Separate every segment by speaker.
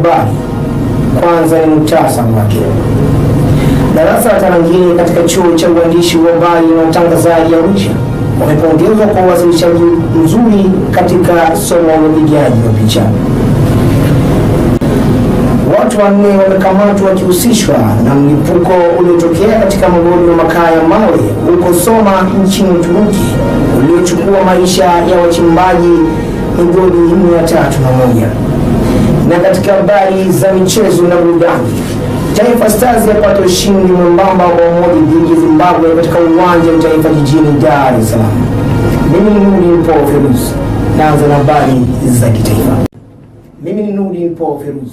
Speaker 1: mbali kwanza ni muhtasari wake. Darasa la tano katika chuo cha uandishi wa mbali na utangazaji Arusha wamepongezwa kwa uwasilishaji mzuri katika somo la upigaji wa picha. Watu wanne wamekamatwa wakihusishwa na mlipuko uliotokea katika mgodi wa makaa ya mawe huko Soma nchini Uturuki uliochukua maisha ya wachimbaji migodi mia tatu na moja. Na katika habari za michezo na burudani, Taifa Stars yapata ushindi mwembamba wa umoja dhidi Zimbabwe katika uwanja wa Taifa jijini Dar es Salaam. Mimi ni Nurdin Paul Feruz, naanza na habari za kitaifa. Mimi ni Nurdin Paul Feruz,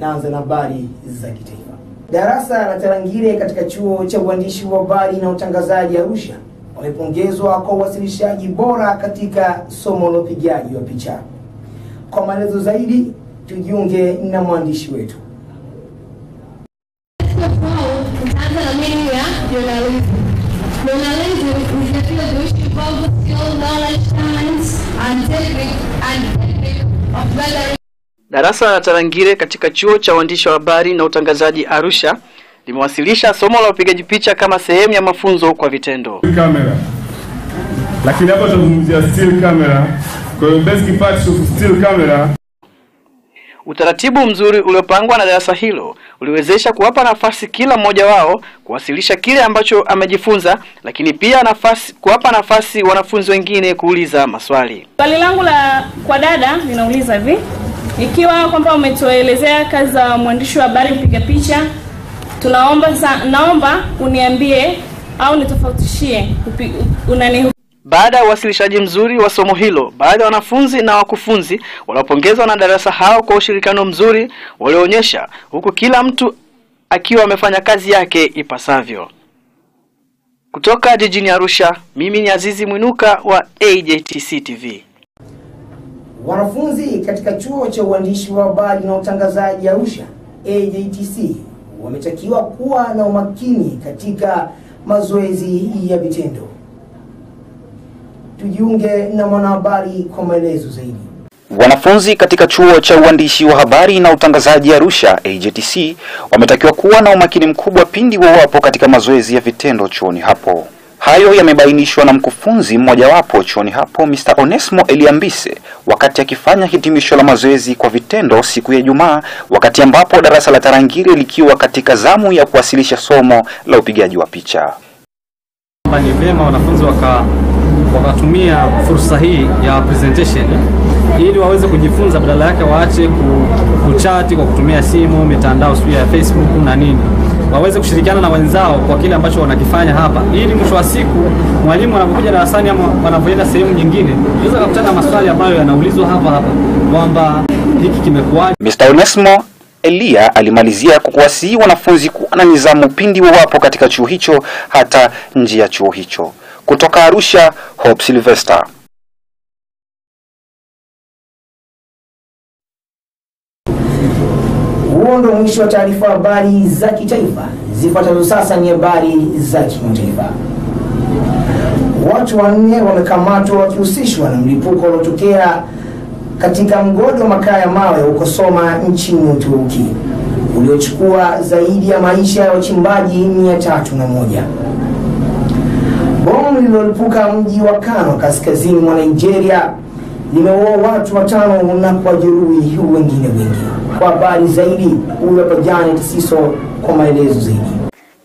Speaker 1: naanza na habari za kitaifa. Darasa la Tarangire katika chuo cha uandishi wa habari na utangazaji Arusha wamepongezwa kwa uwasilishaji bora katika somo la upigaji wa picha. Kwa maelezo zaidi, tujiunge na mwandishi wetu.
Speaker 2: Darasa la Tarangire katika chuo cha uandishi wa habari na utangazaji Arusha limewasilisha somo la upigaji picha kama sehemu ya mafunzo kwa vitendo. Kamera. Lakini hapa tunazungumzia still camera. Kwa hiyo basic parts of still camera Utaratibu mzuri uliopangwa na darasa hilo uliwezesha kuwapa nafasi kila mmoja wao kuwasilisha kile ambacho amejifunza, lakini pia nafasi kuwapa nafasi wanafunzi wengine kuuliza maswali.
Speaker 3: Swali langu la kwa dada linauliza hivi: ikiwa kwamba umetuelezea kazi za mwandishi wa habari mpiga picha, tunaomba naomba uniambie au nitofautishie unani
Speaker 2: baada ya uwasilishaji mzuri wa somo hilo, baadhi ya wanafunzi na wakufunzi waliopongezwa na darasa hao kwa ushirikiano mzuri walioonyesha, huku kila mtu akiwa amefanya kazi yake ipasavyo. Kutoka jijini Arusha, mimi ni Azizi Mwinuka wa AJTC TV.
Speaker 1: Wanafunzi katika chuo cha uandishi wa habari na utangazaji Arusha AJTC wametakiwa kuwa na umakini katika mazoezi ya vitendo. Tujiunge na Mwanahabari kwa maelezo zaidi.
Speaker 2: Wanafunzi katika chuo cha uandishi wa habari na utangazaji Arusha AJTC wametakiwa kuwa na umakini mkubwa pindi wawapo katika mazoezi ya vitendo chuoni hapo. Hayo yamebainishwa na mkufunzi mmojawapo chuoni hapo Mr. Onesmo Eliambise wakati akifanya hitimisho la mazoezi kwa vitendo siku ya Ijumaa, wakati ambapo darasa la Tarangire likiwa katika zamu ya kuwasilisha somo la upigaji wa picha.
Speaker 4: Ni wanafunzi waka wakatumia fursa hii ya presentation ili waweze kujifunza, badala yake waache kuchati kwa kutumia simu, mitandao sio ya Facebook na nini, waweze kushirikiana na wenzao kwa kile ambacho wanakifanya hapa, ili mwisho wa siku mwalimu anapokuja darasani ama anapoenda sehemu nyingine, anaweza kukutana maswali ambayo yanaulizwa hapa hapa kwamba hiki kimekuwaje.
Speaker 2: Mr. Onesmo Elia alimalizia kwa kuwasihi wanafunzi kuwa na nidhamu pindi wawapo katika chuo hicho hata nje ya chuo hicho. Kutoka Arusha, Hope Sylvester.
Speaker 1: Huo ndo mwisho wa taarifa habari za kitaifa. Zifuatazo sasa ni habari za kimataifa. Watu wanne wamekamatwa wakihusishwa na mlipuko uliotokea katika mgodi wa makaa ya mawe huko Soma nchini Uturuki uliochukua zaidi ya maisha ya wachimbaji mia tatu na moja bomu mji wa Kano kaskazini mwa Nigeria limeua watu watano na kuwajeruhi wengine wengi. Kwa habari zaidi, huyu hapa Janet Siso kwa maelezo zaidi.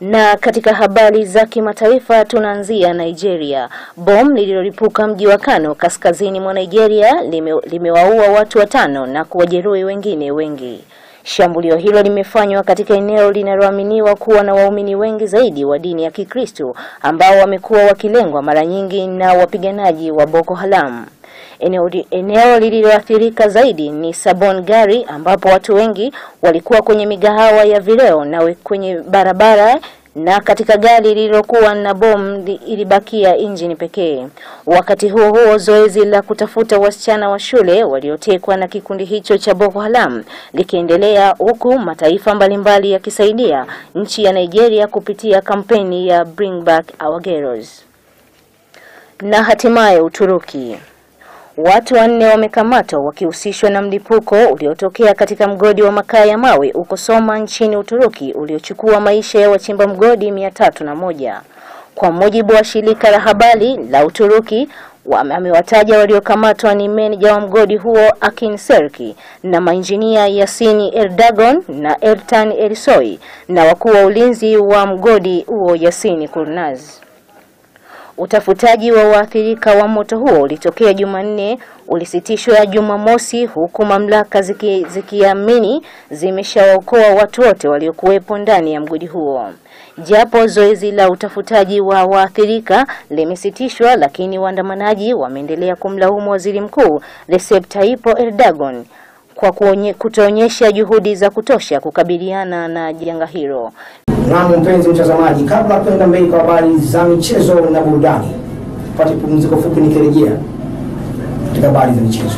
Speaker 5: Na katika habari za kimataifa tunaanzia Nigeria. Bomu lililolipuka mji wa Kano kaskazini mwa Nigeria lime, limewaua watu watano na kuwajeruhi wengine wengi. Shambulio hilo limefanywa katika eneo linaloaminiwa kuwa na waumini wengi zaidi wa dini ya Kikristo ambao wamekuwa wakilengwa mara nyingi na wapiganaji wa Boko Haram. Eneo, eneo lililoathirika zaidi ni Sabon Gari ambapo watu wengi walikuwa kwenye migahawa ya vileo na kwenye barabara na katika gari lililokuwa na bomu ilibakia injini pekee. Wakati huo huo, zoezi la kutafuta wasichana wa shule waliotekwa na kikundi hicho cha Boko Haram likiendelea huku mataifa mbalimbali yakisaidia nchi ya Nigeria kupitia kampeni ya Bring Back Our Girls. Na hatimaye Uturuki Watu wanne wamekamatwa wakihusishwa na mlipuko uliotokea katika mgodi wa makaa ya mawe uko Soma nchini Uturuki uliochukua maisha ya wachimba mgodi mia tatu na moja. Kwa mujibu wa shirika la habari la Uturuki, amewataja waliokamatwa ni meneja wa mgodi huo Akin Serki na mainjinia Yasini Erdagon na Ertan Ersoy na wakuu wa ulinzi wa mgodi huo Yasini Kurnaz. Utafutaji wa waathirika wa moto huo ulitokea Jumanne ulisitishwa Jumamosi, huku mamlaka zikiamini ziki zimeshawaokoa watu wote waliokuwepo ndani ya mgodi huo. Japo zoezi la utafutaji wa waathirika limesitishwa, lakini waandamanaji wameendelea kumlaumu Waziri Mkuu Recep Tayyip Erdogan kwa kutoonyesha juhudi za kutosha kukabiliana na janga hilo.
Speaker 1: Naam, mpenzi mtazamaji, kabla kwenda mbele kwa habari za michezo na burudani, tupate pumziko fupi, nikirejea katika habari za michezo.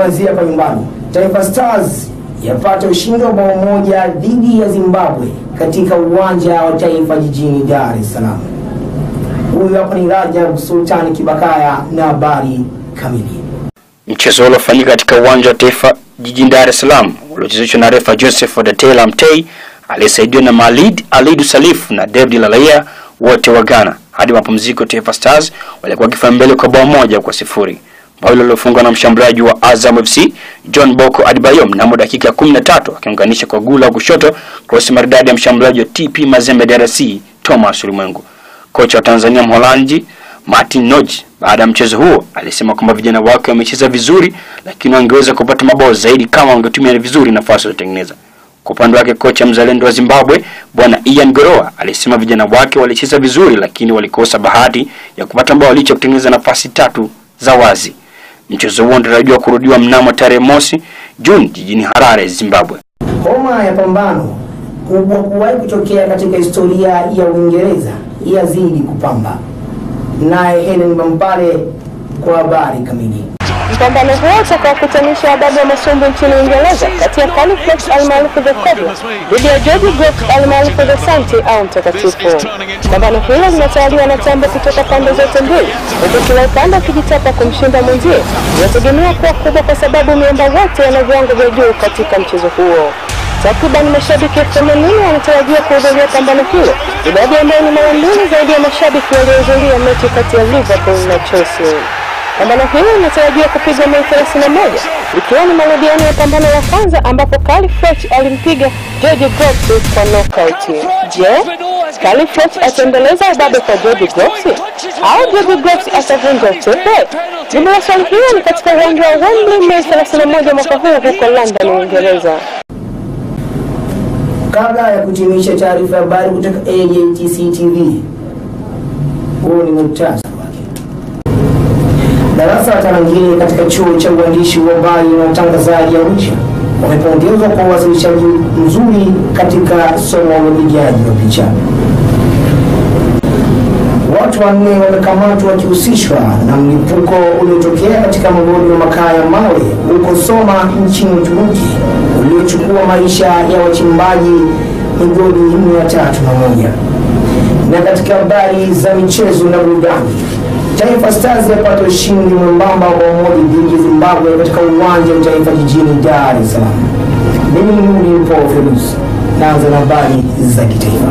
Speaker 1: kuanzia hapa nyumbani. Taifa Stars yapata ushindi wa bao moja dhidi ya Zimbabwe katika uwanja wa Taifa jijini Dar es Salaam. Huyu hapa ni Rajab Sultan Kibakaya na habari kamili.
Speaker 2: Mchezo uliofanyika katika uwanja wa Taifa jijini Dar es Salaam uliochezeshwa na refa Joseph Odatela Mtei aliyesaidiwa na Malid Alidu Salif na David Lalaia wote wa Ghana. Hadi mapumziko, Taifa Stars walikuwa wakifaa mbele kwa bao moja kwa sifuri bao lililofunga na mshambuliaji wa Azam FC John Boko Adebayo mnamo dakika ya 13 akiunganisha kwa gula wa kushoto cross maridadi ya mshambuliaji wa TP Mazembe DRC Thomas Ulimwengu. Kocha wa Tanzania Mholanji Martin Noj baada ya mchezo huo alisema kwamba vijana wake wamecheza vizuri, lakini wangeweza kupata mabao zaidi kama wangetumia vizuri nafasi walizotengeneza. Kwa upande wake kocha mzalendo wa Zimbabwe bwana Ian Goroa alisema vijana wake walicheza vizuri, lakini walikosa bahati ya kupata mabao licha kutengeneza nafasi tatu za wazi. Mchezo huo unatarajiwa kurudiwa mnamo tarehe mosi Juni jijini Harare, Zimbabwe.
Speaker 1: Homa ya pambano kubwa kuwahi kutokea katika historia ya Uingereza yazidi kupamba. Naye Helen Bampale kwa habari kamili.
Speaker 6: Mpambano huo kutanisha adabu ya masumbu nchini Uingereza kati ya Caniflex almaarufu the Cobra dhidi ya George Brook almaarufu the Santi au Mtakatifu. Pambano hilo linatawaliwa na tambo kutoka pande zote mbili, huku kila upande ukijitapa kumshinda mwenzie. Inategemea kuwa kubwa kwa sababu miamba wote yana viwango vya juu katika mchezo huo. Takriban mashabiki elfu themanini wanatarajiwa kuhudhuria pambano hilo, idadi ambayo ni mara mbili zaidi ya mashabiki waliohudhuria mechi kati ya Liverpool na Chelsea. Pambano hili linatarajiwa kupigwa Mei 31 ikiwa ni marudiano ya pambano la kwanza ambapo kali Fletch alimpiga George Groves kwa knockout. Je, kali Fletch ataendeleza ubabe kwa George Groves au George Groves atavunja utepe? Jibu la swali hilo ni katika uwanja wa Wembley Mei moja mwaka huu huko London, Uingereza.
Speaker 1: Kabla ya kutimisha taarifa ya habari kutoka AJTC TV, huu ni muhtasari. Darasa la lingine katika Chuo cha Uandishi wa Habari na Utangazaji Arusha wamepongezwa kwa uwasilishaji mzuri katika somo la upigaji wa picha. Watu wanne wamekamatwa wakihusishwa na mlipuko uliotokea katika mgodi wa makaa ya mawe huko Soma nchini Uturuki uliochukua maisha ya wachimbaji migodi moja. Na katika habari za michezo na burudani Taifa Stars yapata ushindi mwembamba wa moja dhidi Zimbabwe katika uwanja wa taifa jijini Dar es Salaam. Mimi ni Nudi Paul Felus, naanza na habari za kitaifa.